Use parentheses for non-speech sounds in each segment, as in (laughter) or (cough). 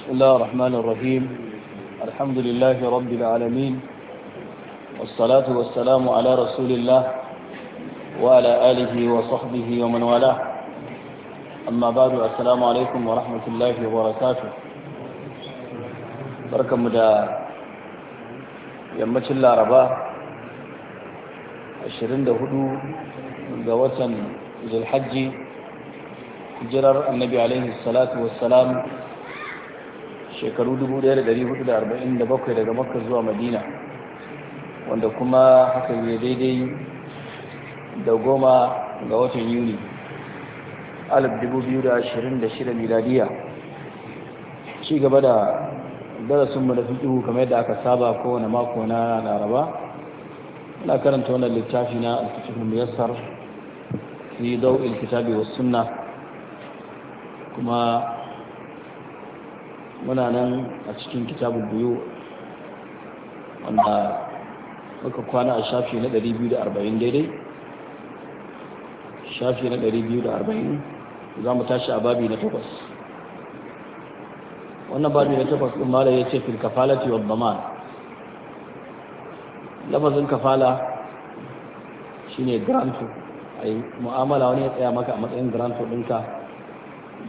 بسم الله الرحمن الرحيم الحمد لله رب العالمين والصلاة والسلام على رسول الله وعلى آله وصحبه ومن والاه أما بعد السلام عليكم ورحمة الله وبركاته بركم دا يمت الله ربا عشرين دهدو دوة ذي الحج hijirar annabi alaihi salatu wassalam shekaru 1447 daga makka zuwa madina wanda kuma haka ne daidai da goma ga watan yuni 2026 miladiya ci gaba da darasinmu da fiƙihu kamar yadda aka saba kowane mako na laraba na karanta wannan littafi na alkitubun muyassar fi dau'il kitabi wasu sunna kuma muna nan a cikin kitabun buyo wanda muka kwana a shafi na 240 daidai shafi na 240 za mu tashi a babi na takwas wannan babi na takwas ɗin mala ya ce fil kafalati wadda ma lafazin kafala shine granto a mu'amala wani ya tsaya maka a matsayin granto ɗinka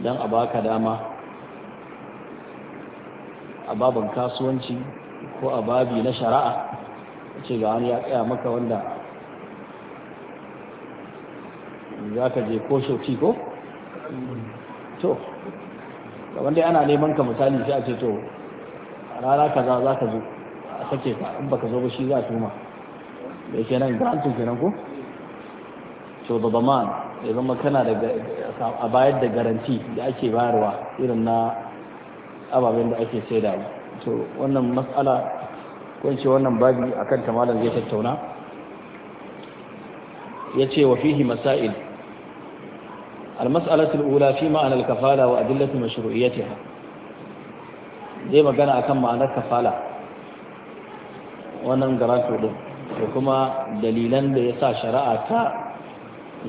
don a baka dama a babin kasuwanci ko a babi na shari'a ce ga wani ya tsaya maka wanda za ka je ko shoti ko? to wanda ana neman ka misali sai a ce to rana kaza za ka zo a sake ka in baka zo ba shi za a tuma da yake nan grantin kenan ko? to da zaman ya zama kana da a bayar da garanti da ake bayarwa irin na ababen da ake saida to wannan matsala kunce wannan babi a kan malam zai tattauna ce wa fihi masail المسألة الأولى في معنى الكفالة وأدلة مشروعيتها Zai magana a kan ma'anar kafala. wannan garatu din da kuma dalilan da ya sa shari'a ta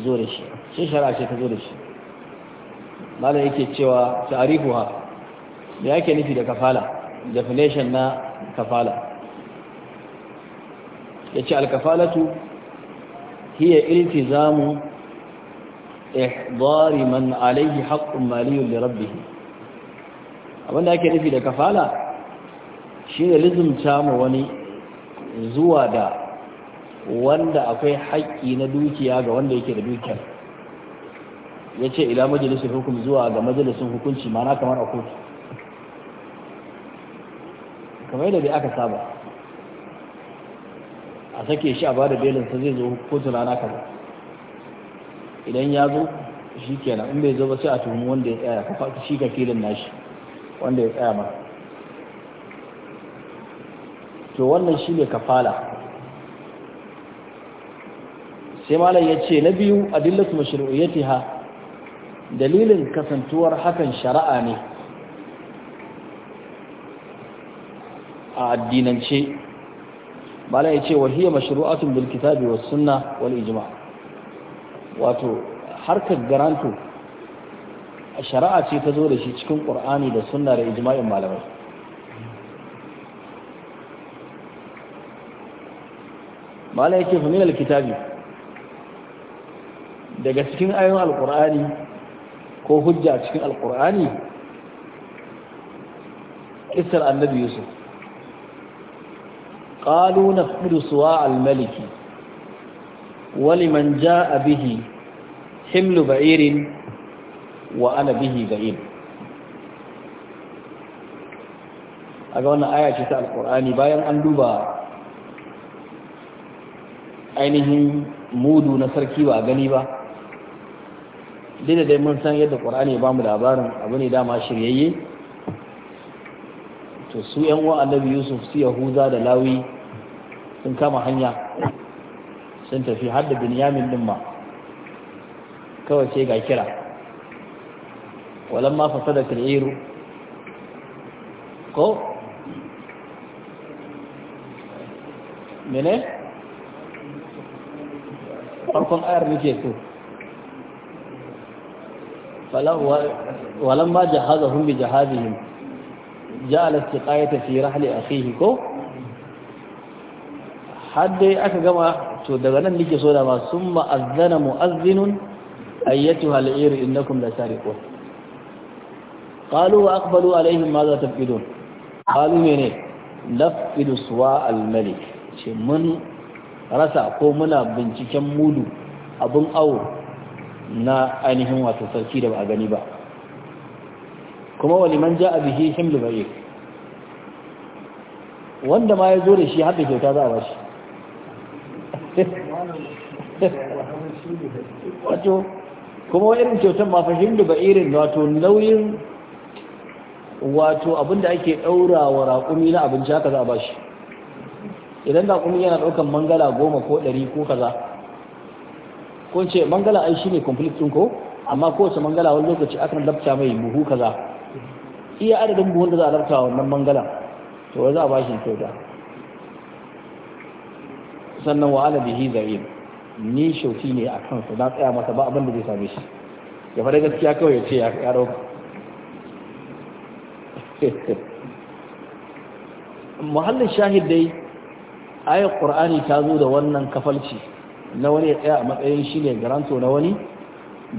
zo da shi shi shari'a ce ta zo da shi malam yake cewa ta'arifuha me ake nufi da kafala definition na kafala yace al-kafalatu hiya iltizamu ihdari man alayhi haqqun maliyyun li rabbih abinda ake nufi da kafala shine lizumta mu wani zuwa da wanda akwai haƙƙi na dukiya ga wanda yake da dukiyar yace ila majalisun hukum zuwa ga majalisun hukunci mana kamar a kotu kamar yadda bai aka saba a sake shi a da belin sa zai zo kotu rana kaza idan ya zo shi kenan in bai zo ba sai a tuhumi wanda ya tsaya ka faɗi shi ka filin nashi wanda ya tsaya ba. to wannan shi ne kafala sai malam ya ce na biyu adillatu mashru'iyyatiha dalilin kasantuwar hakan shari'a ne a addinance bala ya ce wahiyar mashru'atun bil kitabi was sunna wal ijma wato harkar garanto shari'a ce ta zo da shi cikin qur'ani da sunna da ijma'in malamai bala ya ce fa min kitabi daga cikin ayoyin alqur'ani ko hujja cikin alqur'ani isar annabi yusuf قالوا نفقد سواء الملك ولمن جاء به حمل بعير وأنا به بعير aga wannan aya ce ta alkur'ani bayan an duba ainihin mudu na sarki ba gani ba dai dai mun san yadda qur'ani ba mu labarin abu ne dama shiryayye to su yan uwa annabi yusuf su yahuza da lawi sun kama hanya sun tafi har da binyamin din ma kawai sai ga kira walamma da fir'iru ko mene farkon ayar nake so walamma jahazahum bi jahazihim ja'ala istiqayata fi rahli akhihi ko har dai aka gama to daga nan nake so da ma sun ma'azzana mu'azzinun ayyatu hal'ir innakum la sariqun qalu wa aqbalu alaihin ma za tafidun ne, mene nafidu suwa al-malik ce mun rasa ko muna binciken mudu abun awo na ainihin wato sarki da ba a gani ba kuma wani man ja a bihi himlu baye wanda ma ya zo da shi haɗa kyauta za a bashi wato kuma wani irin kyautar ma fashin da ba irin wato nauyin wato abinda ake ɗaura wa raƙumi na abinci haka za a ba shi idan raƙumi yana ɗaukar mangala goma ko ɗari ko kaza ko ce mangala an shi ne kwamfilitin ko amma kowace mangala wani lokaci akan labta mai buhu kaza iya adadin buhun da za a labta wannan mangala to za a ba shi kyauta sannan wa ala bihi zalim ni shauki ne a kansa na tsaya masa ba abin da zai same shi ya fara gaskiya kawai ya ce ya ɗauka (laughs) muhallin shahid dai ayar ƙur'ani ta zo da wannan kafalci na wani ya tsaya a matsayin shi ne garanto na wani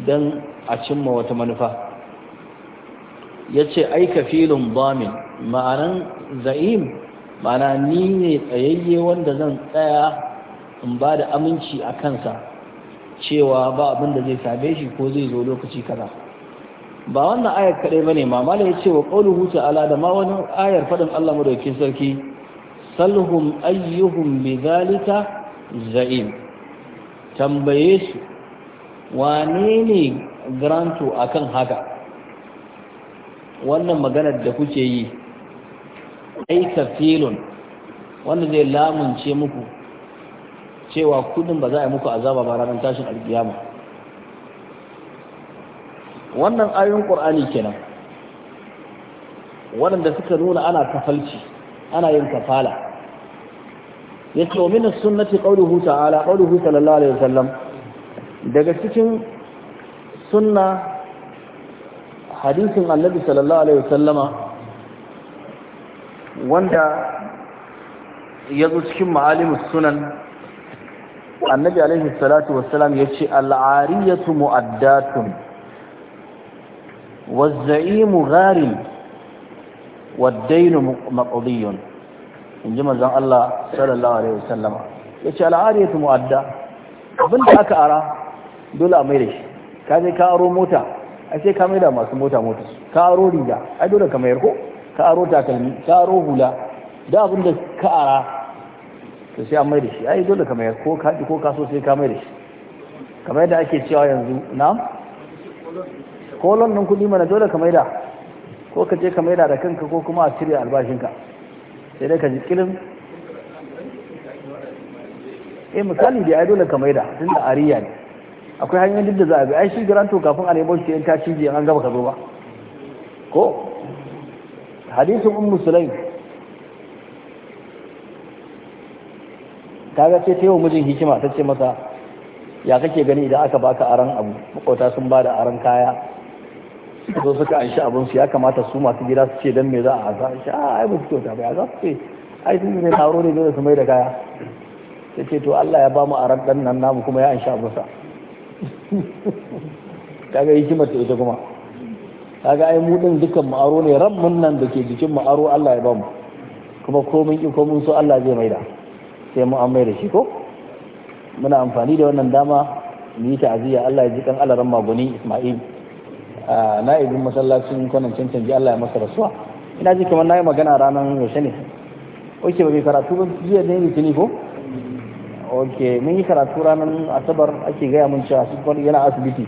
don a cimma wata manufa ya ce aika filin bamin ma'anan za'im ma'ana ni ne tsayayye wanda zan tsaya in ba da aminci a kansa cewa ba abin da zai same shi ko zai zo lokaci kaza ba wannan ayar kadai bane ma malai ce wa qauluhu ta'ala da ma wani ayar fadin Allah madaukakin sarki salhum ayyuhum bidhalika za'im tambaye su wane ne granto akan haka wannan maganar da kuke yi ai kafilun wanda zai lamunce muku cewa kudin ba za a yi muku azaba ba ranar tashin alkiyama wannan ayoyin qur'ani kenan waɗanda suka nuna ana kafalci ana yin kafala yace wa min as-sunnati qawluhu ta'ala qawluhu sallallahu alaihi wasallam daga cikin sunna hadisin annabi sallallahu alaihi wasallama wanda ya zo cikin ma'alimus sunan annabi alaihi salatu wassalam ya ce al'ariyatu mu'addatun wazza'imu gharin waddainu maqdiyun in ji manzon Allah sallallahu alaihi wasallama ya ce al'ariyatu mu'adda abinda aka ara dole a mai da shi ka je ka aro mota a sai ka mai da masu mota mota ka aro riga ai dole ka mayar ko ka aro takalmi ka aro hula da abinda ka ara to sai an mai da shi ai dole ka mai ko ka ko ka sai ka mai da shi kamar yadda ake cewa yanzu na kolon nan kudi mana dole ka mai da ko ka je ka mai da kanka ko kuma a cire albashinka sai dai ka ji kilin eh misali da ai dole ka mai da tun da ariya ne akwai hanyoyin duk da za a bi ai shi garanto kafin a nemo shi ta cije an gaba ka zo ba ko hadisin ummu sulaim kaga sai ta yi wa mijin hikima ta ce masa ya kake gani idan aka baka aran abu makwauta sun ba da aran kaya so suka an abin su ya kamata su masu gida su ce dan me za a haza shi a ah, ai ba su kyauta ba ya za su ce ai sun ne taro ne dole su mai da kaya ta ce to Allah ya ba mu aran dan nan namu kuma ya anshi abin sa (laughs) kaga hikima ta ita kuma kaga ai mu din dukkan mu aro ne ran mun nan da ke jikin mu aro Allah ya ba mu kuma komin ki komin so Allah zai maida sai mu amai da shi ko muna amfani da wannan dama mu yi ta'aziyya Allah ya ji kan alaran maguni Ismail a na'ibin masallacin kwanan cancanci Allah ya masa rasuwa ina ji kamar na yi magana ranar yaushe ne oke ba mai karatu ba jiya ne litini ko oke mun yi karatu ranar asabar ake gaya mun cewa su yana asibiti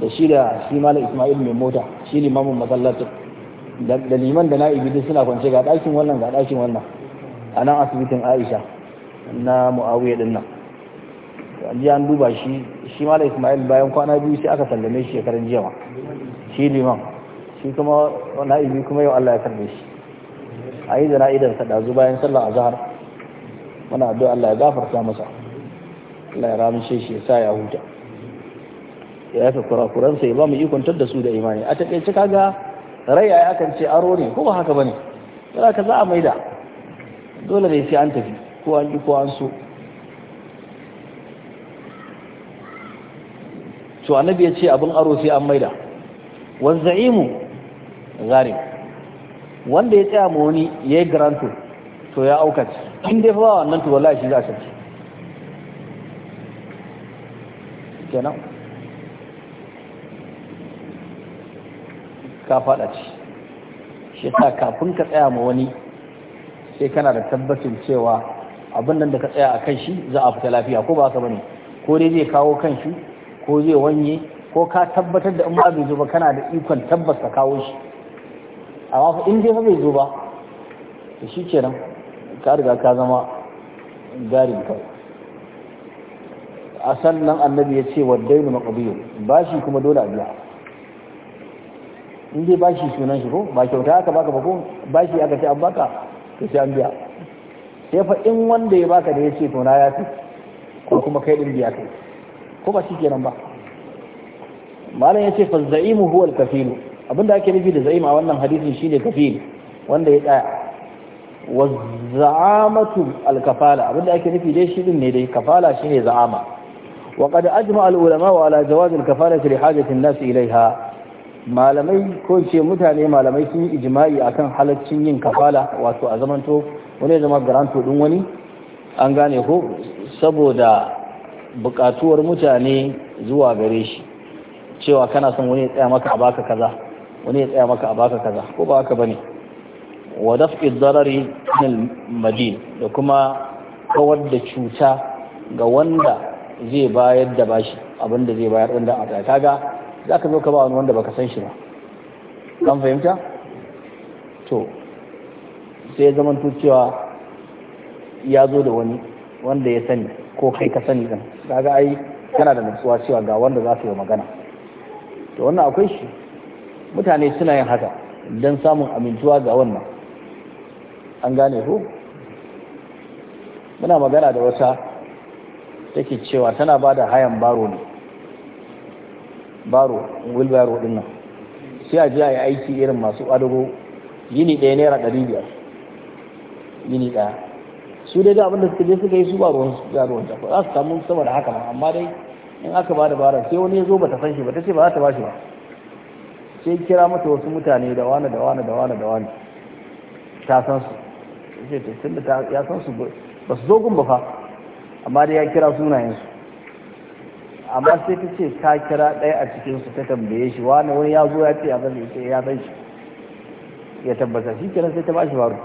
da shi da shi mala ismail mai mota shi limamin masallacin da liman da na'ibi duk suna kwance ga ɗakin wannan ga ɗakin wannan a nan asibitin aisha na muawiya din nan ji an duba shi shi mala ismail bayan kwana biyu sai aka sallame shi shekaran jiya ma shi liman shi kuma na'ibi kuma yau Allah ya karbe shi a yi da na'idar sa dazu bayan sallar azhar muna addu'a Allah ya gafarta masa Allah ya ramshe shi ya sa ya huta ya yafe kurakuransa ya ba mu ikon da su da imani a takaice kaga rai akan ce aro ne kuma haka bane yana ka za a maida dole ne sai an tafi ko an ko to annabi ya ce abin aro sai an maida wanza'imu zarim wanda ya tsaya ma wani ya yi garanto to ya auka ci in dai fa wannan to wallahi shi za a ci kenan ka fada ci shi ta kafin ka tsaya ma wani sai kana da tabbacin cewa abin nan da ka tsaya a kan shi za a fita lafiya ko ba ka bane ko dai zai kawo kan shi ko zai wanye ko ka tabbatar da in ba bai zo ba kana da ikon tabbas ka kawo shi amma fa in dai bai zo ba to shi kenan ka riga ka zama garin kai a sannan annabi ya ce wa dainu maqdiyun bashi kuma dole a biya in dai bashi sunan shi ko ba kyauta aka baka ba ko bashi aka ce an baka to sai an biya sai fa in wanda ya baka da ya ce to ya fi ko kuma kai din biya kai ko ba shi kenan ba malam yace fa za'imu huwa al-kafil abinda ake nufi da za'im a wannan hadisin shine kafil wanda ya tsaya wa za'amatu al-kafala abinda ake nufi dai shi din ne dai kafala shine za'ama ala jawaz al kafala li hajati an nas ilayha malamai ko ce mutane malamai sun yi ijima'i akan halaccin yin kafala wato a zamanto wani zama garanto din wani an gane ko saboda bukatuwar mutane zuwa gare shi cewa kana son wani ya tsaya maka a baka kaza wani ya tsaya maka a baka kaza ko ba haka bane wa daf'i darari min madin da kuma kawar da cuta ga wanda zai bayar da bashi abinda zai bayar wanda a kaga za ka zo ka ba wani wanda baka san shi ba kan fahimta to sai ya zama cewa ya zo da wani wanda ya sani ko kai ka sani din kaga ai kana da nutsuwa cewa ga wanda za su yi magana to wannan akwai shi mutane suna yin haka don samun amintuwa ga wannan an gane ko muna magana da wata take cewa tana ba da hayan baro ne baro wilbaro din nan sai a jiya a aiki irin masu adago yini ɗaya naira ɗari biyar yini ɗaya su dai da abinda suka je suka yi su ba ruwan su ruwan za su samu saboda haka ma amma dai in aka ba da baran sai wani ya zo ta san shi ba ta ce ba za ta ba shi ba sai kira mata wasu mutane da wani da wani da wani da wani ta san su ta tun ta ya san su ba su zo gun ba fa amma dai ya kira sunayensu amma sai ta ce ka kira ɗaya a cikinsu ta tambaye shi wani wani ya zo ya ce ya zan ce ya zan shi ya tabbata shi kenan sai ta bashi baro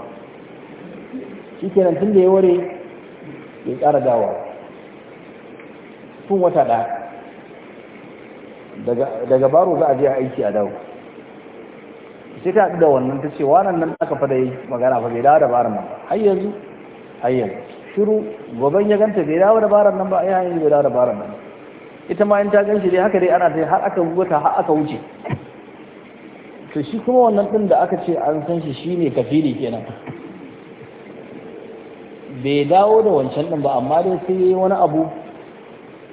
shi kenan tun da ya ware ya ƙara dawa tun wata ɗaya daga baro za a je aiki a dawo sai ta haɗu da wannan ta ce wannan nan aka fada yi magana fa bai dawo da baron nan har yanzu har yanzu shiru gobe ya ganta bai dawo da baron nan ba ai hanyar bai dawo da baron nan ita ma yin ta gan shi dai haka dai ana dai har aka wuta har aka wuce to shi kuma wannan din da aka ce an san shi shine kafiri kenan bai dawo da wancan din ba amma dai sai yayi wani abu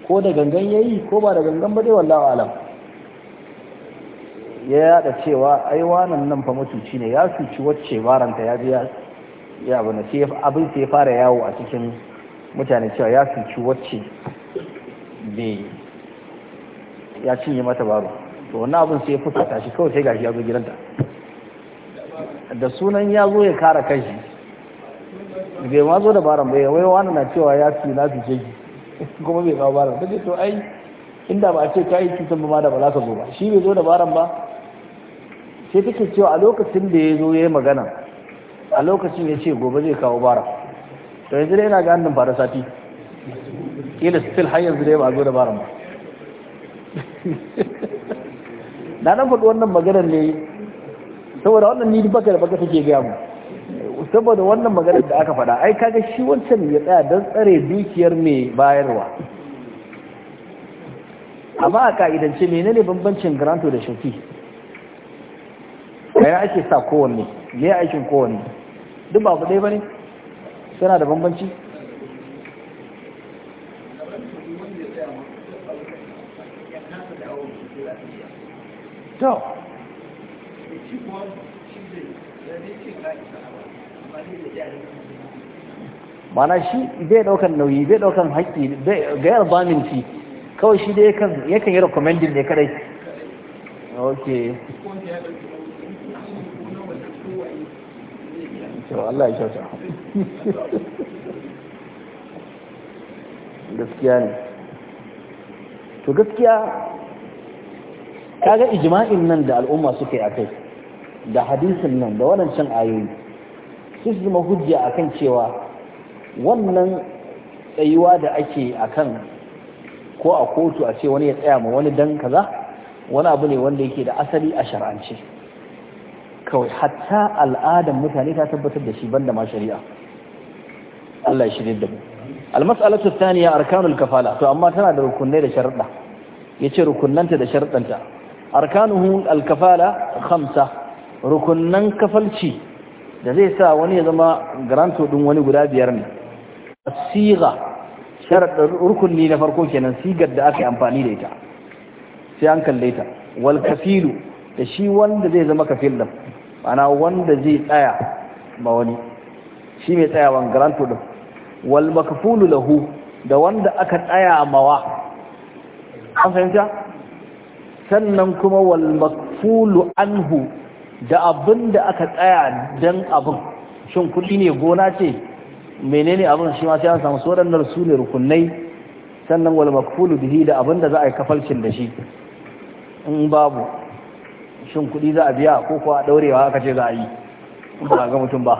ko da gangan yayi ko ba da gangan ba dai wallahi alam ya yada cewa ai wannan nan fa mutunci ne ya suci wacce baranta ya biya ya abu na abin sai fara yawo a cikin mutane cewa ya suci wacce bai ya cinye mata baro to wannan abin sai ya fusata shi kawai sai gashi ya zo gidanta da sunan ya zo ya kara kashi bai ma zo da baran bai wai wani na cewa ya fi na fi jeji (laughs) kuma bai kawo baran ta ce to ai inda ba a ce ka yi cutan ba ma da ba za ka zo ba shi bai zo da baran ba sai take cewa a lokacin da ya zo ya yi magana a lokacin ya ce gobe zai kawo baron, to yanzu dai yana ganin fara sati ila still har yanzu dai ba a zo da baran ba na nan faɗi wannan maganar ne saboda wannan ni baka da baka take gaya mu saboda wannan maganar da aka faɗa ai kaga shi wancan ya tsaya don tsare dukiyar mai bayarwa amma a ka'idance menene bambancin granto da shafi kayan ake sa kowanne ne aikin kowanne duk ba ku ɗaya ba ne suna da bambanci to mana shi bai daukan nauyi bai daukan haƙƙi ga yar baminci kawai shi dai yakan yi recommending ne kadai ok to Allah ya shauta, (laughs) gaskiya ne to gaskiya kaga ijma'in nan da al'umma suke a kai da hadisin nan da wadancan ayoyi su zama hujja akan cewa wannan tsayuwa da ake akan ko a kotu a ce wani ya tsaya ma wani dan kaza wani abu ne wanda yake da asali a shar'ance kawai hatta al'adan mutane ta tabbatar da shi banda ma shari'a Allah ya shirye da mu al thaniya arkanul kafala to amma tana da rukunai da sharuɗa yace rukunnanta da sharuɗanta arkanuhu alkafala khamsa rukunnan kafalci da zai sa wani ya zama garanto din wani guda biyar ne siga sharadin rukunni na farko kenan sigar da aka yi amfani da ita sai an kalle ta wal kafilu da shi wanda zai zama kafil din ana wanda zai tsaya ma wani shi mai tsayawan garanto din wal makfulu lahu da wanda aka tsaya mawa an fahimta sannan kuma wal anhu da abin da aka tsaya dan abin shin kuɗi ne gona ce menene abin shi ma sai an samu waɗannan su ne rukunai sannan wal maqfulu bihi da abin da za a yi kafalcin da shi in babu shin kuɗi za a biya ko kuwa daurewa aka ce za a yi ba ga mutum ba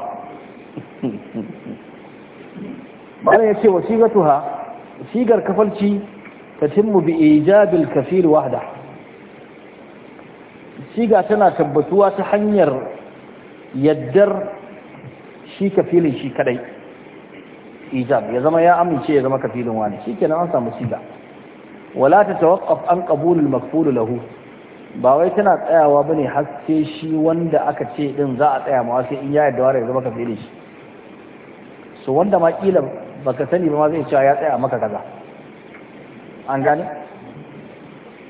(laughs) malam yace wasigatuha shigar kafalci ta tatimmu bi ijabil kafil wahda siga tana tabbatuwa ta hanyar yaddar shi kafilin shi kadai ijab ya zama ya amince ya zama kafilin wani shikenan an samu siga wala ta tawaqqaf an qabulul maqbul lahu ba wai tana tsayawa bane haske shi wanda aka ce din za a tsaya ma sai in ya yadda wani ya zama kafilin shi so wanda ma kila baka sani ba ma zai cewa ya tsaya maka kaza an gane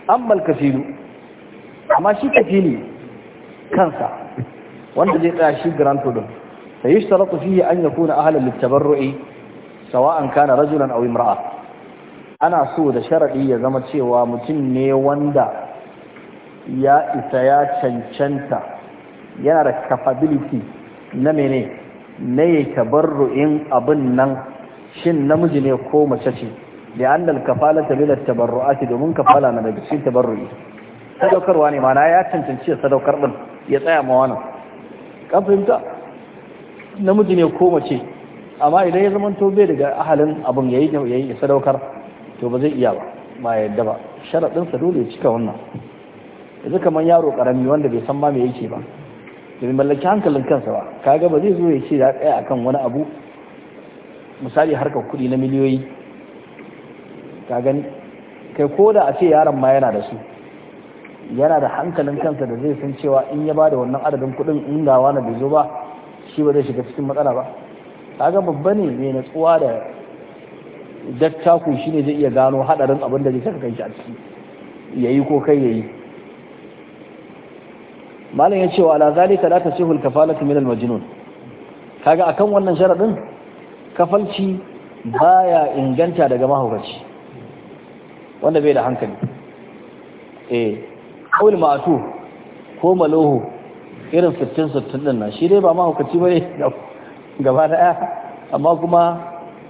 ammal kafilu amma shi kafili kansa wanda zai tsaya shi granto din sai yishtaratu fihi an yakuna ahlan litabarru'i sawa'an kana rajulan aw imra'a ana so da sharadi ya zama cewa mutum ne wanda ya isa ya cancanta yana da capability na mene ne tabarru'in abin nan shin namiji ne ko mace ce da annal kafalata lil tabarru'ati domin kafala na daga cikin tabarru'i sadaukarwa ne mana ya cancanci ya sadaukar din ya tsaya ma wannan kan fahimta namiji ne ko mace amma idan ya zama tobe daga ahalin abin yayi yayi ya sadaukar to ba zai iya ba ba yadda ba sharadin dole ya cika wannan yanzu kamar yaro karami wanda bai san ma me yake ba bai mallaki hankalin kansa ba kaga ba zai zo ya ce ya tsaya akan wani abu misali harkar kuɗi na miliyoyi ka gani kai ko da a ce yaron ma yana da su yana da hankalin kansa da zai san cewa in ya bada wannan adadin kuɗin in ga wani bai zo ba shi ba zai shiga cikin matsala ba kaga babba ne mai natsuwa da dattaku shine zai iya gano hadarin abin da zai saka kanshi a ciki yayi ko kai yayi malam ya ce wa ala zalika la tasihu al kafalatu min al majnun kaga akan wannan sharadin kafalci baya inganta daga mahaukaci wanda bai da hankali eh kawai ma'atu ko maloho irin fitin sattun din nan shi dai ba mahaukaci ba ne gaba daya amma kuma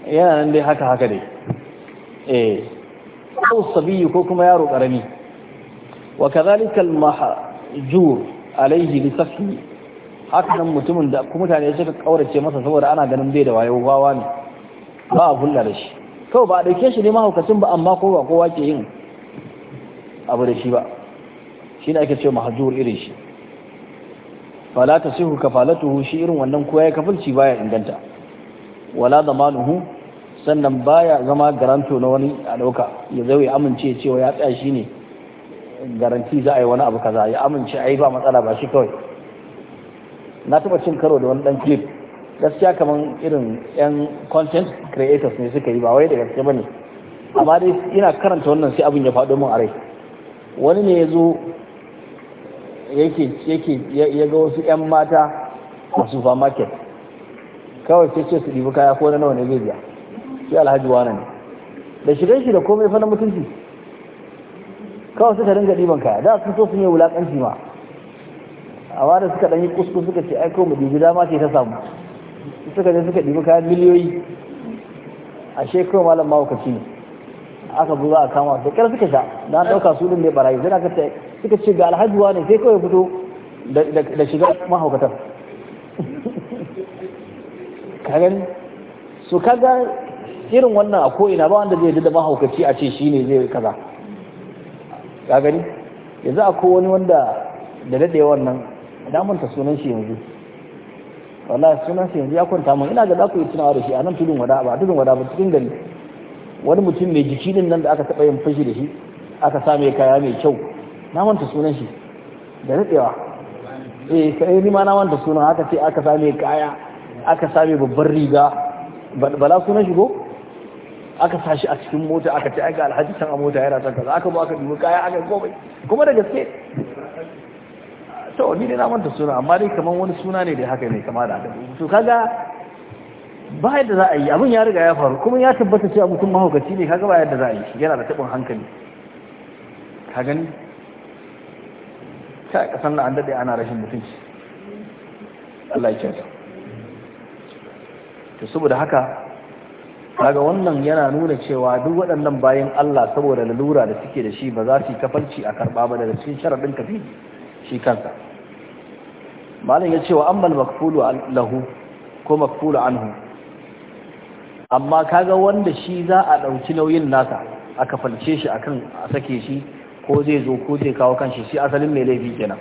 yana nan dai haka haka dai eh ko sabiyu ko kuma yaro karami wa kadhalika al mahjur alayhi li safi haka nan mutumin da kuma tare suka kaurace masa saboda ana ganin bai da wayo wawa ne ba a hulla da shi kawai ba a dauke shi ne mahaukacin ba amma ko ba kowa ke yin abu da shi ba shi ne ake ce mahajjuwar irin shi fala ta sihu kafalatuhu shi irin wannan kuwa ya kafalci baya inganta wala zamanuhu sannan baya zama garanto na wani a dauka ya zai ya amince cewa ya tsaya shi ne garanti za a yi wani abu kaza ya amince a yi ba matsala ba shi kawai na taba cin karo da wani dan clip gaskiya kamar irin yan content creators ne suka yi ba wai da gaske bane amma dai ina karanta wannan sai abin ya faɗo min a rai wani ne ya zo yake yake ya ga wasu yan mata a supermarket kawai sai ce su ɗibi kaya ko na nawa ne zai biya sai alhaji wani ne da shigar shi da komai fa na mutunci kawai suka dinga ɗiban kaya da sun so sun yi wulaƙanci ma amma da suka ɗanyi kuskus suka ce aiko mu ɗibi dama ce ta samu suka je suka ɗibi kayan miliyoyi a shekaru malam mawukaci ne aka zo a kama da ƙyar suka sha na ɗauka su ɗin ne barayi sai na ka suka ce ga alhaji ne sai kawai fito da shiga mahaukatan (laughs) kagan su kaga irin wannan a ko'ina ba wanda zai yi da mahaukaci a ce shi ne zai kaza ka gani yanzu ko wani wanda da daɗe wannan damanta sunan shi yanzu wala sunan shi yanzu ya kwanta mun ina ga za ku yi tunawa da shi a nan tudun wada ba tudun wada ba cikin gari wani mutum mai jiki nan da aka taɓa yin fashi da shi aka same kaya mai kyau na manta sunan shi da daɗewa eh sai ni ma na manta sunan haka ce aka same kaya aka same babbar riga bala sunan shi ko aka sashi a cikin mota aka ce aika alhaji can a mota yana son kaza aka zo aka dubi kaya aka komai kuma da gaske to ni ne na manta suna amma dai kaman wani suna ne dai haka ne kama da to kaga ba yadda za a yi abin ya riga ya faru kuma ya tabbata cewa mutum mahaukaci ne kaga ba yadda za a yi yana da taɓin hankali ka gani ta kasan na an daɗe ana rashin mutunci Allah ya kyauta to saboda haka kaga wannan yana nuna cewa duk waɗannan bayan Allah saboda lalura da suke da shi ba za su yi kafanci a karɓa ba daga cikin sharaɗin kafi shi kansa malam ya ce wa ammal makfulu lahu ko makfulu anhu amma kaga wanda shi za a ɗauki nauyin nasa a kafalce shi akan a sake shi ko zai zo ko zai kawo kanshi shi asalin mai laifi kenan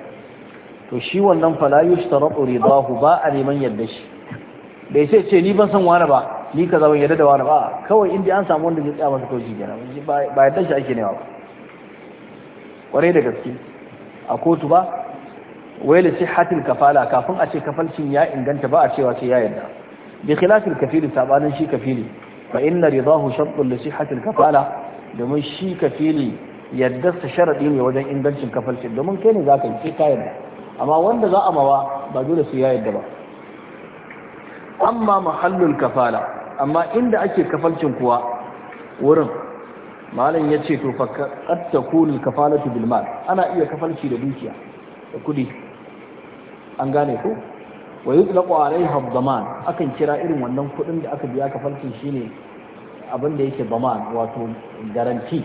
to shi wannan fala yushtaratu ridahu ba a neman yadda shi bai sai ce ni ban san wani ba ni ka ban yadda da wani ba kawai inda an samu wanda zai tsaya masa toji kenan ba yadda shi ake nema ba kwarai da gaske a kotu ba wai la sihhatil kafala kafin a ce kafalcin ya inganta ba a cewa sai ya yadda bi khilafil kafili sabanin shi kafili fa inna ridahu shartun li sihhatil kafala domin shi kafili yadda su sharaɗi ne wajen ingancin kafalcin domin kai ne za ka yi sai ka yadda amma wanda za a mawa ba dole su ya yadda ba amma mahallul kafala amma inda ake kafalcin kuwa wurin malam ya ce to fa qad kafalatu bil mal ana iya kafalci da dukiya da kudi an gane ko wa yutlaqu alaiha akan kira irin wannan kudin da aka biya kafalcin shine abin da yake daman wato garanti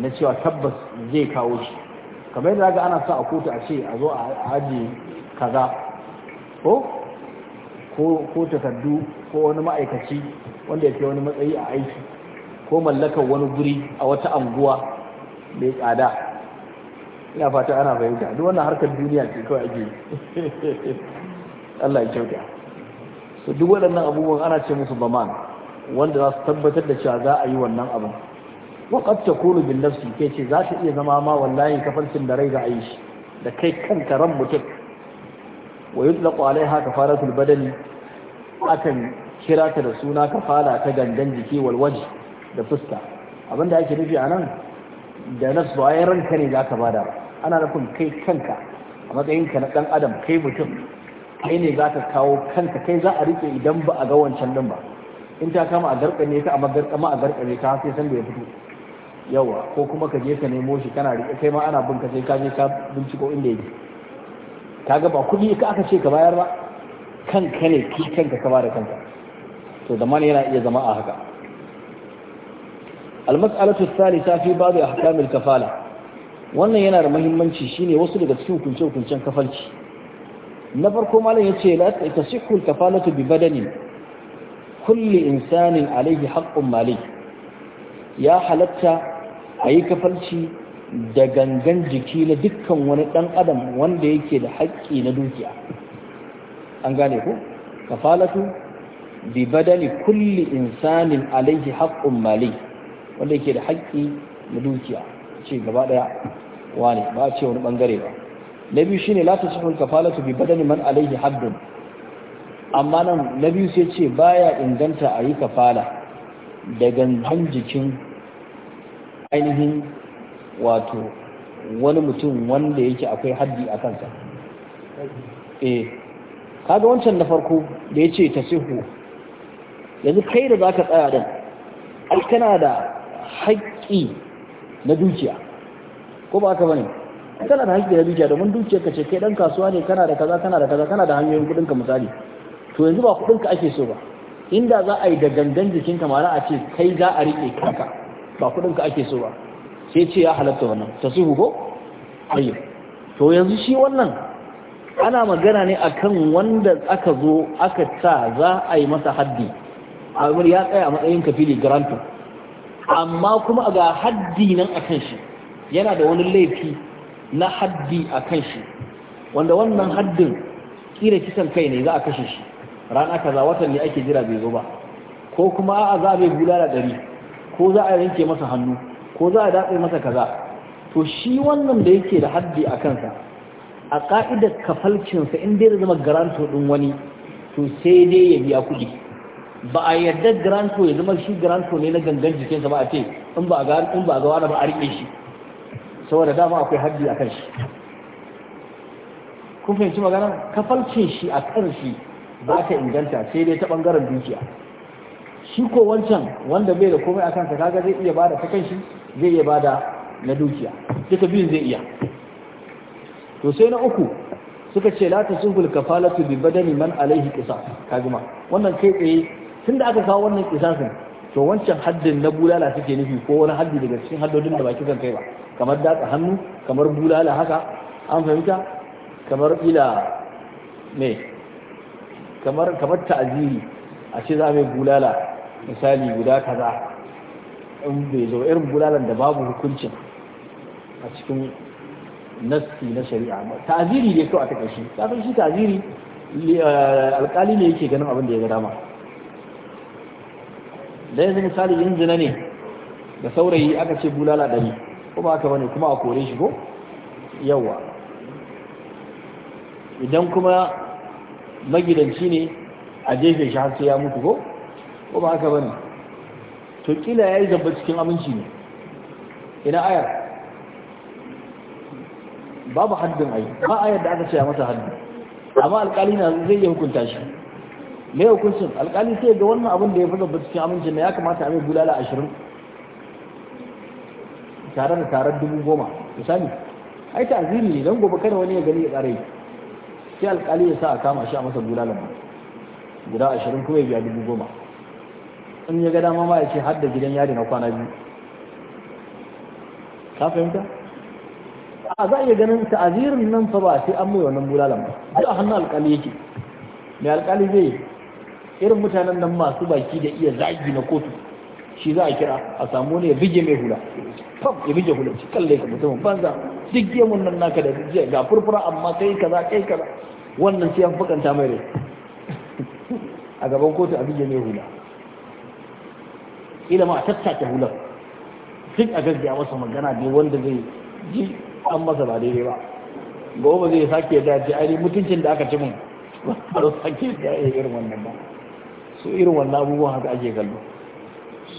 na cewa tabbas zai kawo shi kamar yadda ga ana sa a kotu a ce a zo a ajiye kaza ko ko takardu ko wani ma'aikaci wanda ya fi wani matsayi a aiki ko mallakar wani guri a wata anguwa mai tsada ina fata ana fahimta duk wannan harkar duniya ce kawai ake (laughs) Allah ya kyauta su duk waɗannan abubuwan ana ce musu baman wanda za su tabbatar da cewa za a yi wannan abin wa ta takunu bin nafsi ke ce za ta iya zama ma wallahi kafarcin da rai ga aishi da kai kanka ran mutum wa yutlaqu alaiha kafaratul badani akan kira ta da suna kafala ta gandan jiki walwaji da fuska da ake nufi anan da nafsu ai ranka ne ka bada ana nufin kai kanka a matsayinka na dan adam kai mutum kai ne za ka kawo kanka kai za a rike idan ba a ga wancan din ba in ta kama a garkame ka amma ma a ka sai san da ya fito yawa ko kuma ka je ka nemo shi kana riƙe kai ma ana bin ka sai ka je ka binciko inda yake kaga ba kuɗi ka aka ce ka bayar ba kanka ne ki kanka ka bada kanka to da mana yana iya zama a haka almas'alatu thalitha fi babu ahkamil kafala wannan yana da muhimmanci shine wasu daga cikin hukunce-hukuncen kafalci na farko malam yace la tasihhu al-kafalatu bi badani kulli insanin alayhi haqqun malik ya halatta a yi kafarci da gangan jiki na dukkan wani ɗan adam wanda yake da haƙƙi na dukiya an gane ko kafalatu bi badali kulli insanin alaihi haƙƙun mali wanda yake da haƙƙi na dukiya ce gaba ɗaya wani ba a ce wani ɓangare ba na biyu shine la ta sahul kafalatu bi badali man alaihi haddun amma nan na biyu sai ce baya inganta a yi kafala da gangan jikin ainihin wato wani mutum wanda yake akwai haddi a kansa eh kaga wancan na farko da ya ce ta sihu yanzu kai da za ka tsaya dan ai kana da haƙƙi na dukiya ko ba ka bane kana da haƙƙi na dukiya domin dukiyar ka ce kai dan kasuwa ne kana da kaza kana da kaza kana da hanyoyin kuɗin ka misali to yanzu ba kuɗin ka ake so ba inda za a yi da gangan jikinka mara a ce kai za a riƙe kanka ba kudin ka ake so ba sai ce ya halatta wannan tasihu ko Ayyo. to yanzu shi wannan ana magana ne akan wanda aka zo aka sa za a yi masa haddi amir ya tsaya a matsayin kafili garanto amma kuma ga haddi nan akan shi yana da wani laifi na haddi akan shi wanda wannan haddin kira kisan kai ne za a kashe shi rana kaza watan ne ake jira bai zo ba ko kuma a za a bai da ɗari ko za a yanke masa hannu ko za a datse masa kaza to shi wannan da yake da haddi a kansa a ka'idar kafalcinsa in dai da zama garanto din wani to sai dai ya biya kuɗi ba a yadda garanto ya zama shi garanto ne na gangan jikinsa ba a ce in ba a ga in ba a ga wani ba a rike shi saboda dama akwai haddi a kan shi kun fahimci magana kafalcin shi a kan shi ba ta inganta sai dai ta bangaren dukiya shi ko wancan wanda bai da komai a kansa kaga zai iya bada ta kanshi zai iya bada na dukiya duka biyun zai iya to sai na uku suka ce la tasihul kafalatu bi badani man alaihi qisas kaguma wannan kai tsaye tunda aka kawo wannan qisasin to wancan haddin na bulala suke nufi ko wani haddi daga cikin haddodin da baki kan kai ba kamar datsa hannu kamar bulala haka an fahimta kamar ila me kamar kamar ta'ziri a ce za mai bulala misali guda kaza in bai zo irin bulalan da babu hukuncin a cikin nassi na shari'a ta'ziri ne kawai a ta kafin shi ta'ziri eh, alkali ne yake ganin abin da ya ga dama da yanzu misali yin zina ne da saurayi aka ce bulala ɗari kuma aka bane kuma a kore shi ko yawa idan kuma magidanci ne a jefe shi har sai ya mutu ko ko ba haka bane to kila yayi zamba cikin aminci ne ina ayar babu haddin ai ba ayar da aka ce mata haddi amma alƙali na zai yi hukunta shi me hukuncin alƙali sai ga wannan abin da ya fi zamba cikin aminci ne ya kamata a mai bulala ashirin tare da tarar dubu goma misali ai ta aziri ne don gobe kada wani ya gani ya tsare sai alƙali ya sa a kama shi a masa bulalan guda ashirin kuma ya biya dubu goma in ya ga dama ma ya ce har da gidan yari na kwana biyu ka fahimta a za a iya ganin ta'azirin nan fa ba sai an mai wannan bulalan ba duk a hannun alƙali yake mai alƙali zai irin mutanen nan masu baki da iya zagi na kotu shi za a kira a samu ne ya bige mai hula fam ya bige hula shi kalle ka mutumin banza duk gemun nan naka da jiya ga furfura amma kai kaza kai kaza wannan sai an fakanta mai rai (laughs) a gaban kotu a bige mai hula ilama a tattake hular duk a gaggaya masa magana ne wanda zai ji an masa ba daidai ba gobe zai sake da ji ai mutuncin da aka ci mun ba a sake da irin wannan ba su irin wannan abubuwan haka ake kallo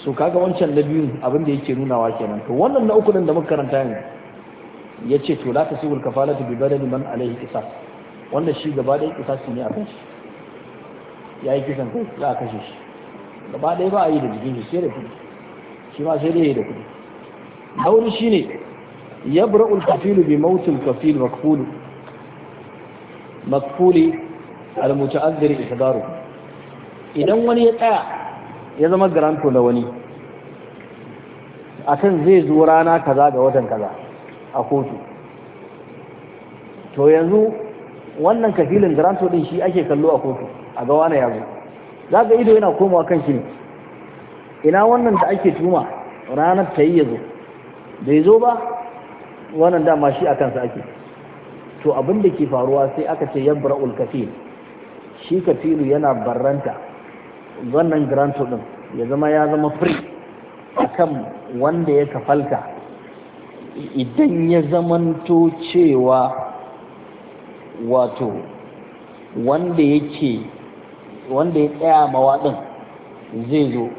su kaga wancan na biyu abin da yake nunawa kenan to wannan na uku da muka karanta ne ya ce to la ta siwul kafalatu bi badali man alaihi qisas wanda shi gaba da qisasi ne a akan shi yayi kisan kai za a kashe shi gaba ɗaya ba a yi da jikin shi sai da kuɗi shi ma sai dai da kuɗi ne shine bura ulkafilu bi mautin kafilu makfulu makfuli al-muta'addir ihdaru idan wani ya tsaya ya zama garanto na wani kan zai zo rana kaza ga watan kaza a kotu to yanzu wannan kafilin garanto din shi ake kallo a kotu a ga wani ya za ka ido yana komawa kan shi ne ina wannan da ake tuma ranar ta yi ya zo bai zo ba wannan dama shi a kansa ake to abin da ke faruwa sai aka ce yabbar ulkafil shi kafilu yana barranta wannan granto din ya zama ya zama free akan wanda ya kafalta idan ya zamanto cewa wato wanda yake wanda ya tsaya mawa ɗin zai zo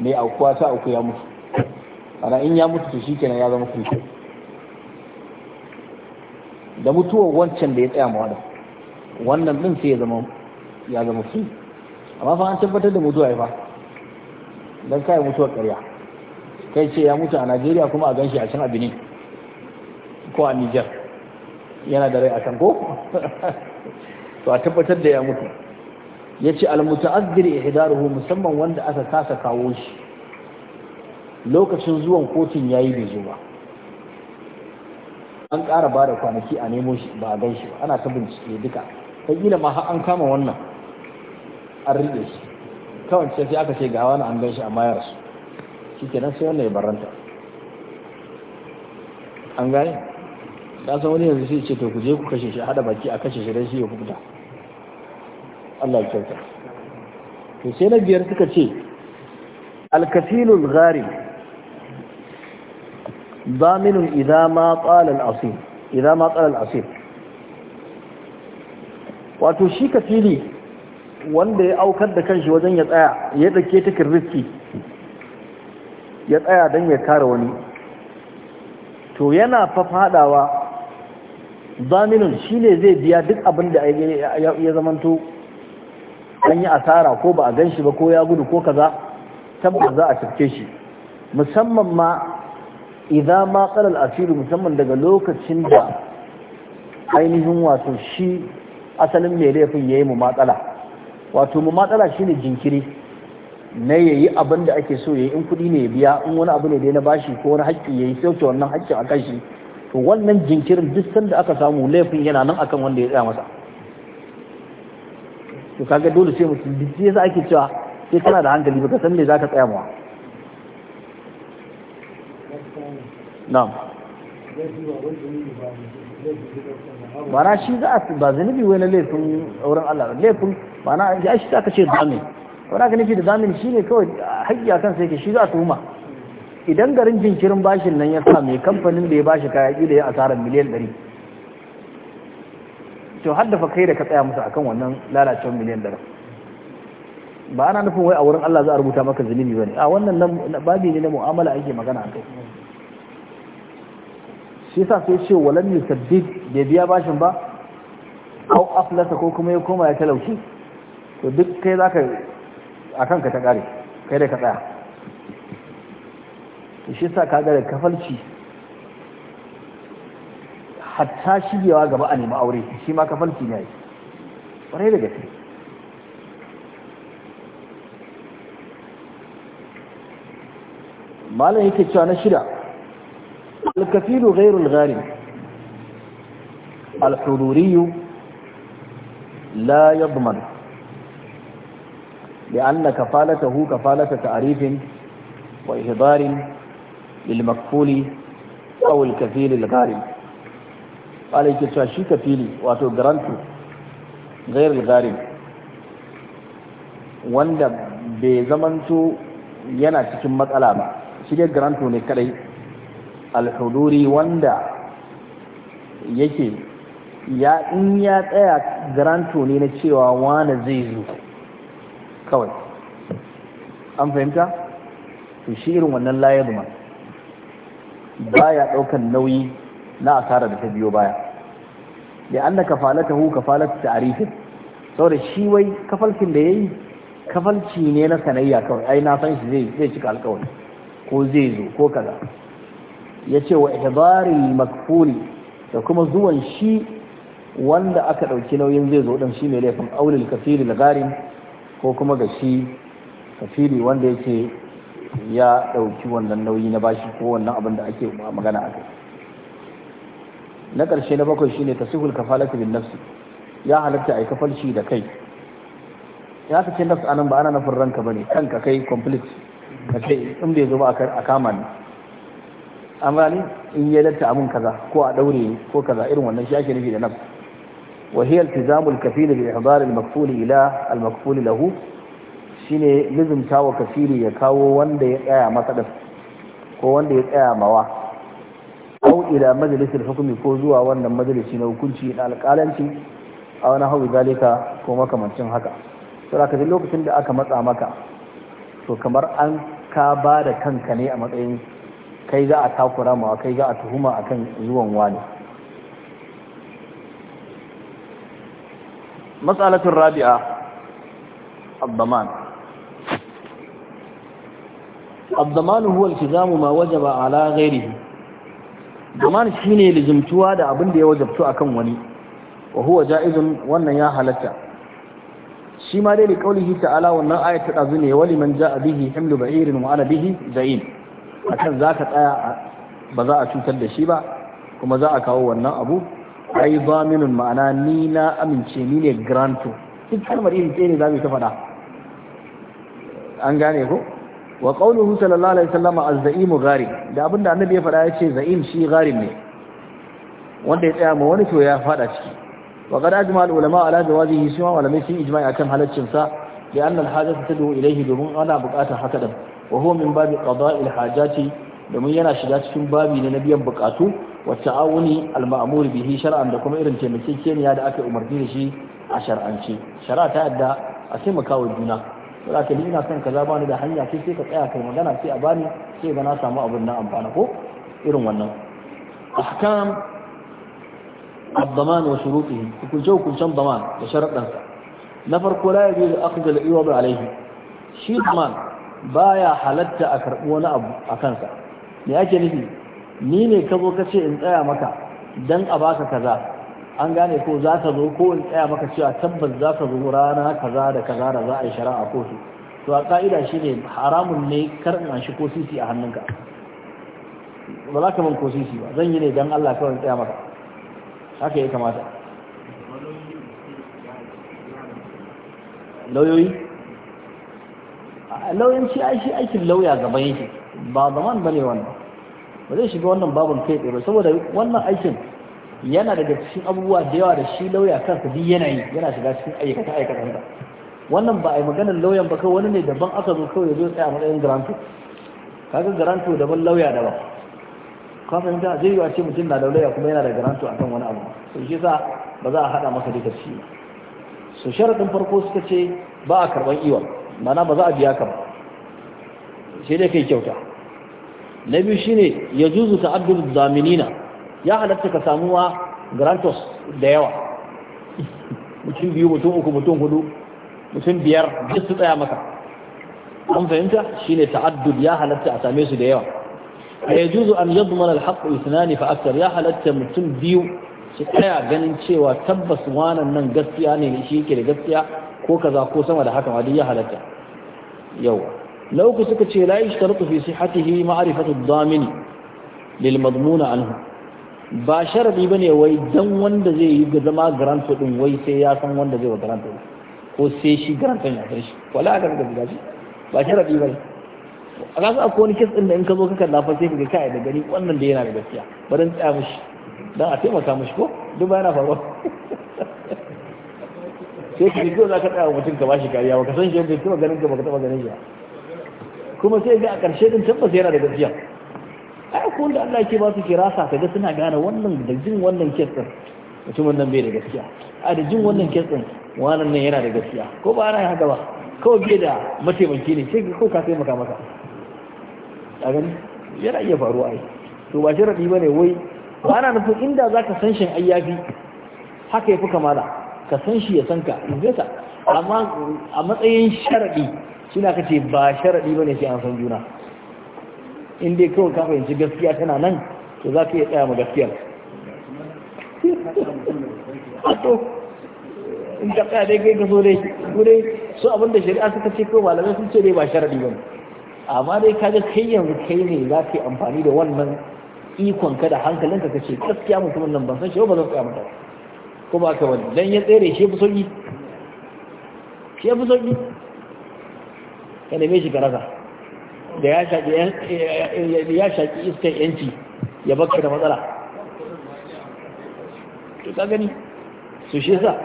mai aukuwa ta auku ya mutu ana in ya mutu to shikenan ya zama kuku da mutuwar wancan da ya tsaya mawa din wannan ɗin sai ya zama ya zama amma fa an tabbatar da mutuwa ya fa don kai mutuwar ƙarya kai ce ya mutu a Najeriya kuma a ganshi a can a Benin ko a Niger yana da rai a can ko (laughs) to a tabbatar da ya mutu Ya yace almuta'addir ihdaruhu musamman wanda aka kasa kawo shi lokacin zuwan kotun yayi bai zo ba an ƙara ba da kwanaki a nemo shi ba a gan shi ana ta bincike duka ta ma har an kama wannan an riƙe shi kawai sai aka ce ga wani an gan shi a mayar su shi kenan sai wannan ya baranta an gane da san wani yanzu sai ce to ku je ku kashe shi a hada baki a kashe shi dan shi ya kubuta Allah ya kyauta to sai na biyar suka ce alkafilul gharib ضامن إذا ما asir. wato shi ka fili wanda ya aukar da kanshi wajen ya tsaya ya dake takin riski ya tsaya dan ya kare wani to yana fafadawa Zaminun shi zai biya duk abin da ya zamanto an yi asara ko ba a gan shi ba ko ya gudu ko kaza tabbas za a cafke shi musamman ma idan ma qalal asiru musamman daga lokacin da ainihin wato shi asalin mai laifin yayi mu matsala wato mu matsala shine jinkiri na yayi abin da ake so yayi in kuɗi ne ya biya in wani abu ne da na bashi ko wani haƙƙi yayi sauke wannan haƙƙin kai shi to wannan jinkirin duk sanda aka samu laifin yana nan akan wanda ya tsaya masa to kaga dole sai mutum duk yasa ake cewa sai kana da hankali baka san me zaka tsaya mawa na'am mana shi za a ba zanubi wai na laifin auren Allah laifin mana ya shi kace ce damin wani ka nufi da damin shi ne kawai haƙƙi kan sai ke shi za a tuhuma idan garin jinkirin bashin nan ya sa mai kamfanin da ya bashi kaya da ya asarar miliyan ɗari to haddafa kai da ka tsaya musu akan wannan lalacewar miliyan dara ba ana nufin wai a wurin Allah za a rubuta maka zunubi bane a wannan babi ne na mu'amala ake magana akai shi yasa sai ce walan yusaddid bai biya bashin ba ko aflasa ko kuma ya koma ya talauci to duk kai zaka akan ka ta kare kai da ka tsaya shi yasa ka da kafalci hatta shigewa gaba a nemi aure shi ma kafalci ne yi ƙwarai da gaske malam yake cewa na shida alkafilu ghairul gharim alhuduriyu la yadman لأن كفالته كفالة تعريف وإهضار للمكفول أو الكفيل الغارم wala yake cewa shi wato garanto wanda bai zamanto yana cikin matsala ba shi dai ne kadai alhuduri wanda yake ya in ya tsaya garanto ne na cewa wani zai zo kawai an fahimta to shi irin wannan layar ma ba ya ɗaukan nauyi na asara da ta biyo baya da an da hu kafalatu ta'rifin saboda shi wai kafalcin da yayi kafalci ne na sanayya kawai ai na san shi zai zai cika alƙawari ko zai zo ko kaza yace wa ihdari makfuli da kuma zuwan shi wanda aka dauki nauyin zai zo din shi mai laifin aulil kafiri lagarin ko kuma ga shi kafiri wanda yake ya dauki wannan nauyi na bashi ko wannan abin da ake magana a kai na ƙarshe na bakwai shine tasihul kafalatu bin nafsi ya halatta yi kafalci da kai ya ka ce anan ba ana nafin ranka bane kanka kai complete ka kai, in bai zo ba a kama ni amma ni in ya latta amin kaza ko a daure ko kaza irin wannan shi ake nufi da nafs wa hiya iltizamul kafil bi ihdar al ila al lahu shine lizumta tawa kafili ya kawo wanda ya tsaya masa ko wanda ya tsaya mawa ila majalisar hukumi ko zuwa wannan majalisi na hukunci na alƙalanci a wani hau zalika ko makamancin haka saboda ka lokacin da aka matsa maka to kamar an ka ba da kanka ne a matsayin kai za a takura ma kai za a tuhuma akan zuwan wani matsalatin rabi'a abdaman abdaman huwa ma wajaba ala ghairihi zaman shine lijimtuwa da abin da ya wajabtu akan wani wa huwa ja'izun wannan ya halatta shi ma dai da ta'ala wannan ayat ta ne wali man ja'a bihi himlu ba'irin wa ana bihi za'in akan zaka tsaya ba za a cutar da shi ba kuma za a kawo wannan abu ai zaminun ma'ana ni na amince ni ne granto duk kalmar irin ce ne za mu ta faɗa an gane ko wa qawluhu sallallahu alaihi wasallam az-za'im gharib da abinda annabi ya faɗa yace za'im shi gharib ne wanda ya tsaya ma wani to ya faɗa ciki wa qad ajma al-ulama ala jawazihi shi ma malamai sun ijma'i akan halaccin sa li anna al ta tad'u ilayhi domin ana buƙatar haka din wa huwa min babi qada'i al-hajati domin yana shiga cikin babi ne na biyan buƙatu wa ta'awuni al-ma'mur bihi shar'an da kuma irin taimakekeniya da aka umarni da shi a shar'ance shari'a ta yadda a taimaka wa juna za ka ina son kaza ba ni da hanya sai sai ka tsaya kai magana sai a bani sai ga na samu abin na amfana ko irin wannan ahkam الضمان وشروطه كل جو كل شن ضمان بشرط نفسه نفر لا يجوز أخذ الإيوب عليه شيء ضمان بايا حلت أكرب ولا أبو أكنسا لأجله نيني كبو كشي إن أيا مكا دن أباك كذا an gane ko za ka zo ko in tsaya maka cewa tabbas za ka zo rana kaza da kaza da za a yi shari'a kotu to a ka'ida shi ne haramun ne kar in an shi ko sisi a hannunka ba za ka man ko sisi ba zan yi ne don Allah kawai tsaya maka haka ya kamata lauyoyi lauyanci a shi aikin lauya gaban yake ba zaman bane wannan ba zai shiga wannan babun kai tsaye ba saboda wannan aikin yana daga cikin abubuwa da yawa da shi lauya kansa duk yana yi yana shiga cikin aikata aikatan da wannan ba a yi maganar lauyan ba kawai wani ne daban aka zo kawai zo tsaya matsayin garanto kaga garanto daban lauya daban ka fahimta zai yi wace ce mutum na da lauya kuma yana da garanto akan wani abu so shi ba za a hada masa duka shi ba so sharadin farko suka ce ba a karban iwa e mana ba za a biya ka ba sai dai kai kyauta na biyu shine yajuzu ta'addud zaminina ya halatta ka samuwa grantos da yawa mutum biyu mutum uku mutum hudu mutum biyar duk su tsaya maka an fahimta shine ta'addud ya halatta a same su da yawa يجوز أن يضمن fa aktar ya halatta mutum biyu su tsaya ganin cewa tabbas wannan nan gaskiya ne shi yake da gaskiya ko kaza ko sama da haka wadi ya halatta yau lauku suka ce la yashtaratu fi sihhatihi ma'rifatu ad-damin lil madmun anhu ba sharadi ba ne wai dan wanda zai yi ga zama garanto ɗin, wai sai ya san wanda zai wa garanto ko sai shi garanto ya san shi wala aka ga gaji ba sharadi ba ne a kasu akwai wani kes ɗin da in ka zo ka kalla fa sai ka ga kai da gani wannan da yana da gaskiya bari in tsaya mishi don a taimaka mishi ko duk ba yana faruwa (laughs) sai ka rigo za ka tsaya wa mutum ka bashi kariya ba ka san shi yadda ya taɓa ganin ka ba ka taɓa ganin shi ba kuma sai ga a ƙarshe din tabbas yana da gaskiya ai ko wanda Allah yake ba su kirasa kaga suna gane wannan da jin wannan kitsin mutumin nan bai da gaskiya a da jin wannan kitsin wannan nan yana da gaskiya ko ba ana haka ba kawai bai da mataimaki ne sai ko ka taimaka maka a gani yana iya faruwa ai to ba raɗi ba ne wai ba ana nufin inda za ka san shin ayyafi haka ya fi kamala ka san shi ya san ka gaisa amma a matsayin sharadi suna kace ba sharadi ba ne sai an san juna in dai kawai ka fahimci gaskiya tana nan to za ka iya tsaya ma gaskiyar (laughs) to in ka tsaya dai kai ka so dai ko dai su abin da shari'a suka ce ko malamai sun ce dai ba sharadi ba amma dai ga kai yanzu kai ne za ka yi amfani da wannan ikon ka da hankalin ka ce gaskiya mutumin nan ban san shi ba zan tsaya mata ko ba ka wani dan ya tsere shi fi sauki shi fi sauki ka neme shi ka raka. da ya shaƙi iskan yanci ya baka da matsala to ka gani su shi sa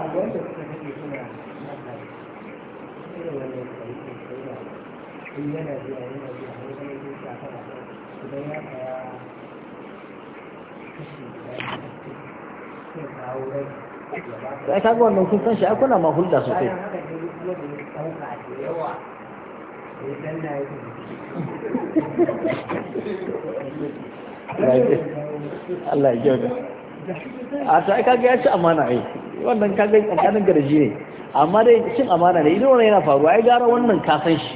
ya ka ga wannan kun shi ai kuna hulɗa sosai Eh, Allah ya kyauta a ah, ta kaga ya ci amana ai eh. wannan kaga tsakanin garji ne amma dai cin amana ne idan wannan yana faruwa ai gara wannan ka san shi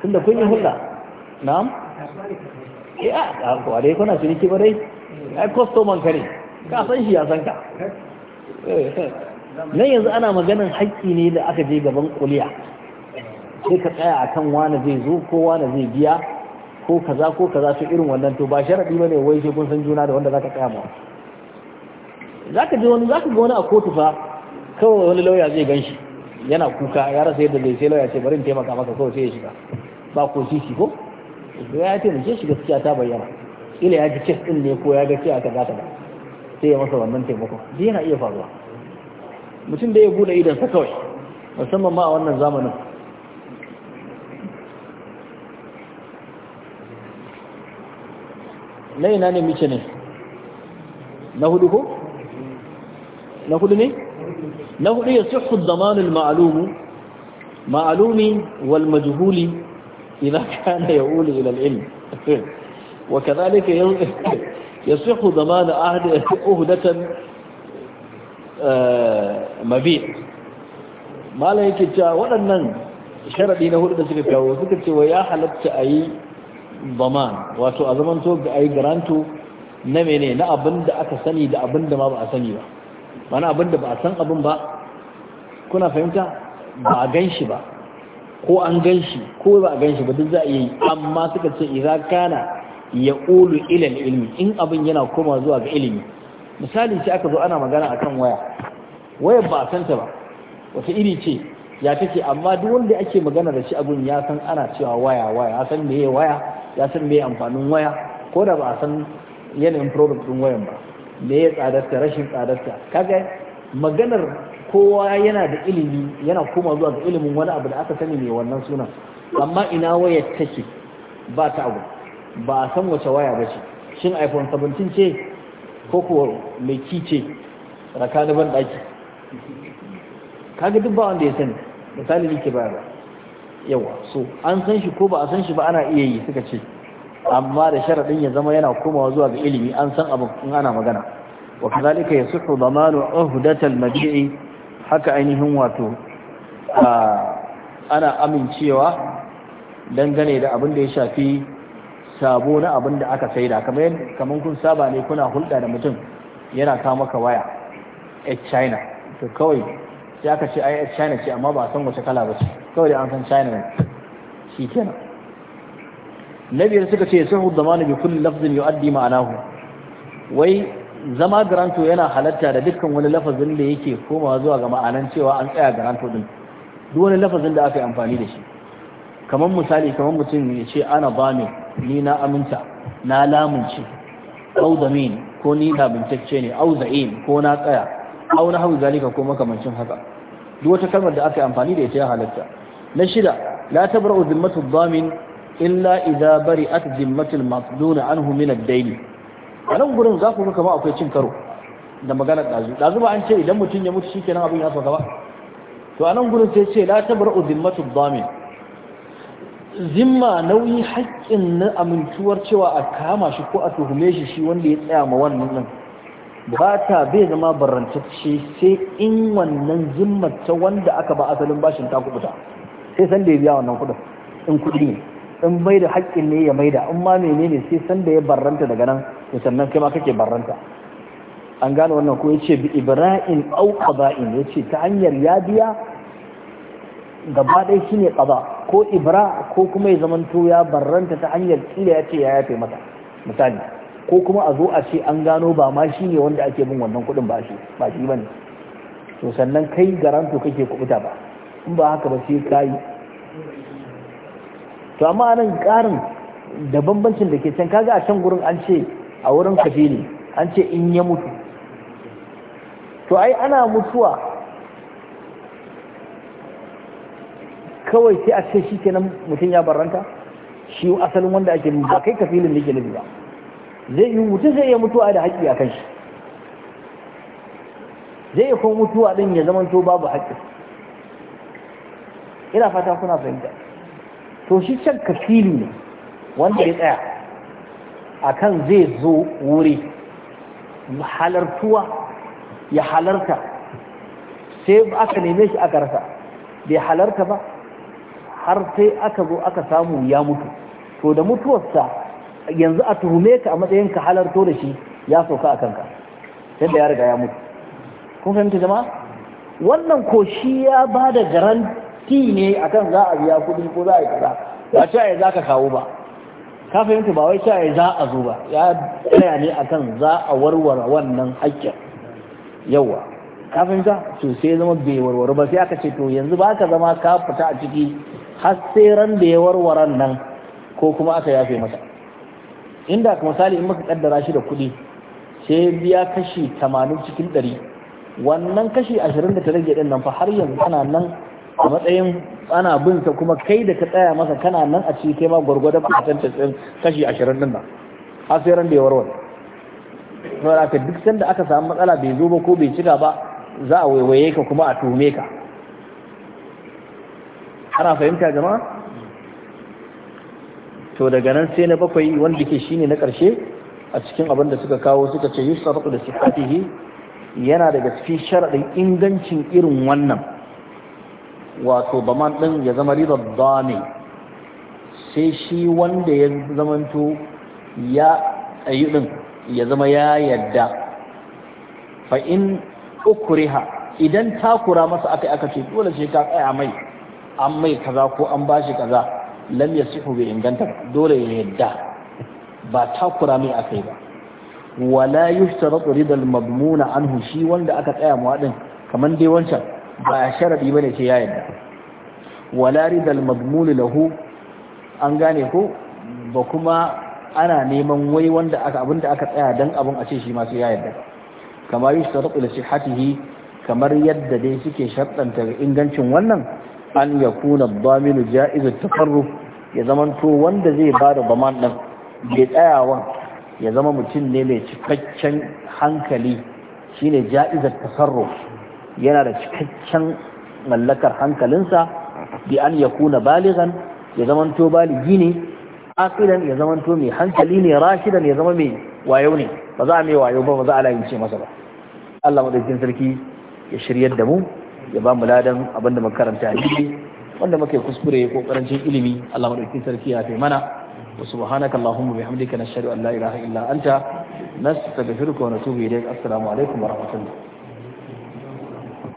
tunda kun yi hulɗa na'am eh ah, ah, a ko dai kuna ciniki ba dai ai customer ka ne ka san shi eh, ya san ka nan yanzu ana maganin haƙƙi ne da aka je gaban kuliya sai ka tsaya a kan wani zai zo ko wani zai biya ko kaza ko kaza su irin wannan to ba sharadi bane wai sai kun san juna da wanda zaka tsaya ma zaka je wani zaka ga wani a kotu fa kawai wani lauya zai ganshi yana kuka ya rasa yadda zai sai lauya ce bari in taimaka maka kawai sai ya shiga ba ko sisi ko ya taimake shi gaskiya ta bayyana ila ya ji kes din ne ko ya ga cewa kaza da. sai ya masa wannan taimakon duk yana iya faruwa mutum da ya bude idan sa kawai musamman ma a wannan zamanin na ina ne muke ne na hudu ko na hudu ne na hudu ya sihhu damanul ma'lum ma'lumi wal majhuli idza kana yaqulu ila al-ilm wa kadhalika يصح ضمان عهد أهدة مبيع ما لا يكتا waɗannan sharaɗi na hudu da suka kawo suka ce wa ya halatta a yi zaman wato a zaman to ga ai garanto na mene na abin da aka sani da abin ma ba a sani ba mana abin ba a san abin ba kuna fahimta ba a gan ba ko an gan shi ko ba a gan ba duk za a yi amma suka ce idan kana ya ƙulu ila ilmi in abin yana koma zuwa ga ilimi misali ce aka zo ana magana a kan waya wayar ba a ta ba wata iri ce ya take amma duk wanda ake magana da shi abin ya san ana cewa waya waya ya san meye waya ya san me amfanin waya ko da ba a san yanayin product ɗin wayan ba me ya tsadarta rashin tsadarta kaga maganar kowa yana da ilimi yana koma zuwa ga ilimin wani abu da aka sani mai wannan sunan amma ina wayar take ba ta abu ba a san wace waya ba ce shin iphone 17 ce ko kuwa mai ki ce ban daki kaga duk ba wanda ya sani misali ne ke ba. yawa so an san shi ko ba a san shi ba ana iya yi suka ce amma da sharaɗin ya zama yana komawa zuwa ga ilimi an san abin in ana magana wa kazalika yasuhu damanu uhdatal mabi'i haka ainihin wato ana amincewa dangane da abin da ya shafi sabo na abin da aka saida kamar kamar kun saba ne kuna hulɗa da mutum yana kawo maka waya a China to kawai sai aka ce ai China ce amma ba san wace kala ba ce kawai an san china ne shi kenan na biyar suka ce sahu zamanu bi kulli lafzin yu'addi ma'anahu wai zama garanto yana halatta da dukkan wani lafazin da yake komawa zuwa ga ma'anan cewa an tsaya garanto din duk wani lafazin da aka yi amfani da shi kamar misali kamar mutum ya ce ana bani ni na aminta na lamunci. au ko ni na bincike ne au ko na tsaya au na hau zalika ko makamancin haka duk wata kalmar da aka yi amfani da ita ya halatta na shida la tabra'u zimmatu dhamin illa idza bari'at zimmatu al-mafdun anhu min ad-dayn a nan gurin za ku ga akwai cin karo da maganar dazu dazu ba an ce idan mutum ya mutu shikenan abin ya sauka ba to a nan gurin sai ce la tabra'u zimmatu dhamin zimma nauyi haƙƙin na amintuwar cewa a kama shi ko a tuhume shi shi wanda ya tsaya ma wannan nan ba ta bai zama barantacce, sai in wannan zimmar ta wanda aka ba asalin bashin ta kubuta sai san da ya biya wannan kuɗin in kuɗi ne in mai da haƙƙin ne ya maida in ma menene sai san da ya barranta daga nan to sannan kai ma kake barranta an gane wannan ko yace bi ibra'in au qada'in yace ta hanyar ya biya gaba ɗaya shine qada ko ibra ko kuma ya zamanto ya barranta ta hanyar kila yace ya yafe mata misali ko kuma a zo a ce an gano ba ma shi ne wanda ake bin wannan kuɗin ba shi ba shi bane to sannan kai garanto kake kubuta ba in ba haka ba sai ka yi to amma anan karin da bambancin da ke can kaga a can gurin an ce a wurin kafe ne an ce in ya mutu to ai ana mutuwa kawai sai a ce shi kenan mutum ya baranta shi asalin wanda ake ba kai kafilin da ke nufi ba zai yi mutum zai iya mutuwa da haƙƙi a kan shi zai iya kuma mutuwa ɗin ya to babu haƙƙi ina fata kuna fahimta to shi can kafili ne wanda ya tsaya akan zai zo wuri halartuwa ya halarta sai aka neme shi aka rasa bai halarta ba har sai aka zo aka samu ya mutu to da mutuwarsa yanzu a tuhume ka a matsayin ka halarto da shi ya sauka a kanka yadda ya riga ya mutu kun fahimta jama'a wannan ko shi ya ba da Ki ne akan za a biya kuɗi ko za a yi kaza ba cewa ya za ka kawo ba ka fahimta ba wai cewa ya za a zo ba ya tsaya ne akan za a warware wannan haƙƙin yawa ka fahimta to sai zama bai warware ba sai aka ce to yanzu ba ka zama ka fita a ciki har sai ran da ya warware nan ko kuma aka yafe masa inda misali in muka kaddara shi da kuɗi sai biya kashi 80 cikin 100 wannan kashi 20 da ta rage din nan fa har yanzu ana nan a matsayin ana bin kuma kai da ka tsaya masa kana nan a cikin ma gwargwadon percentage din kashi 20 din nan har sai ran da ya warware saboda ka duk sanda aka samu matsala bai zo ba ko bai cika ba za a waiwaye ka kuma a tuhume ka ana fahimta jama'a to daga nan sai na bakwai wanda ke shine na karshe a cikin abin da suka kawo suka ce yusufu da sifatihi yana daga cikin sharaɗin ingancin irin wannan wato baman ɗin ya zama riba dami sai shi wanda ya zamanto ya yi ɗin ya zama ya yadda fa in ukuriha idan takura masa aka aka ce dole sai ta tsaya mai an mai kaza ko an bashi kaza lam yasihu bai inganta dole ya yadda ba takura mai aka yi ba wala yushtaratu ridal madmuna anhu shi wanda aka tsaya mu din kaman dai wancan ba ba ne ce ya yadda wala ridal madmul lahu an gane ko ba kuma ana neman wai wanda aka abinda aka tsaya dan abun a ce shi ma sai ya yadda kamar yustarqu li sihhatihi kamar yadda dai suke shartanta ingancin wannan an yakuna kuna damin ja'iz at ya zamanto wanda zai bada baman din bai tsayawa ya zama mutum ne mai cikakken hankali shine ja'izar tasarruf yana da cikakken mallakar hankalinsa bi an ya kuna baligan ya zamanto baligi ne akidan ya zamanto mai hankali ne rashidan ya zama mai wayo ne ba za a mai wayo ba ba za a layin masa ba Allah madaukakin sarki ya shiryar da mu ya ba mu ladan abin da makaranta a jiki wanda muke kuskure ko karancin ilimi Allah madaukakin sarki ya fi mana wa subhanaka allahumma bihamdika nashhadu an la ilaha illa anta nastaghfiruka wa natubu ilayk assalamu alaikum wa rahmatullahi.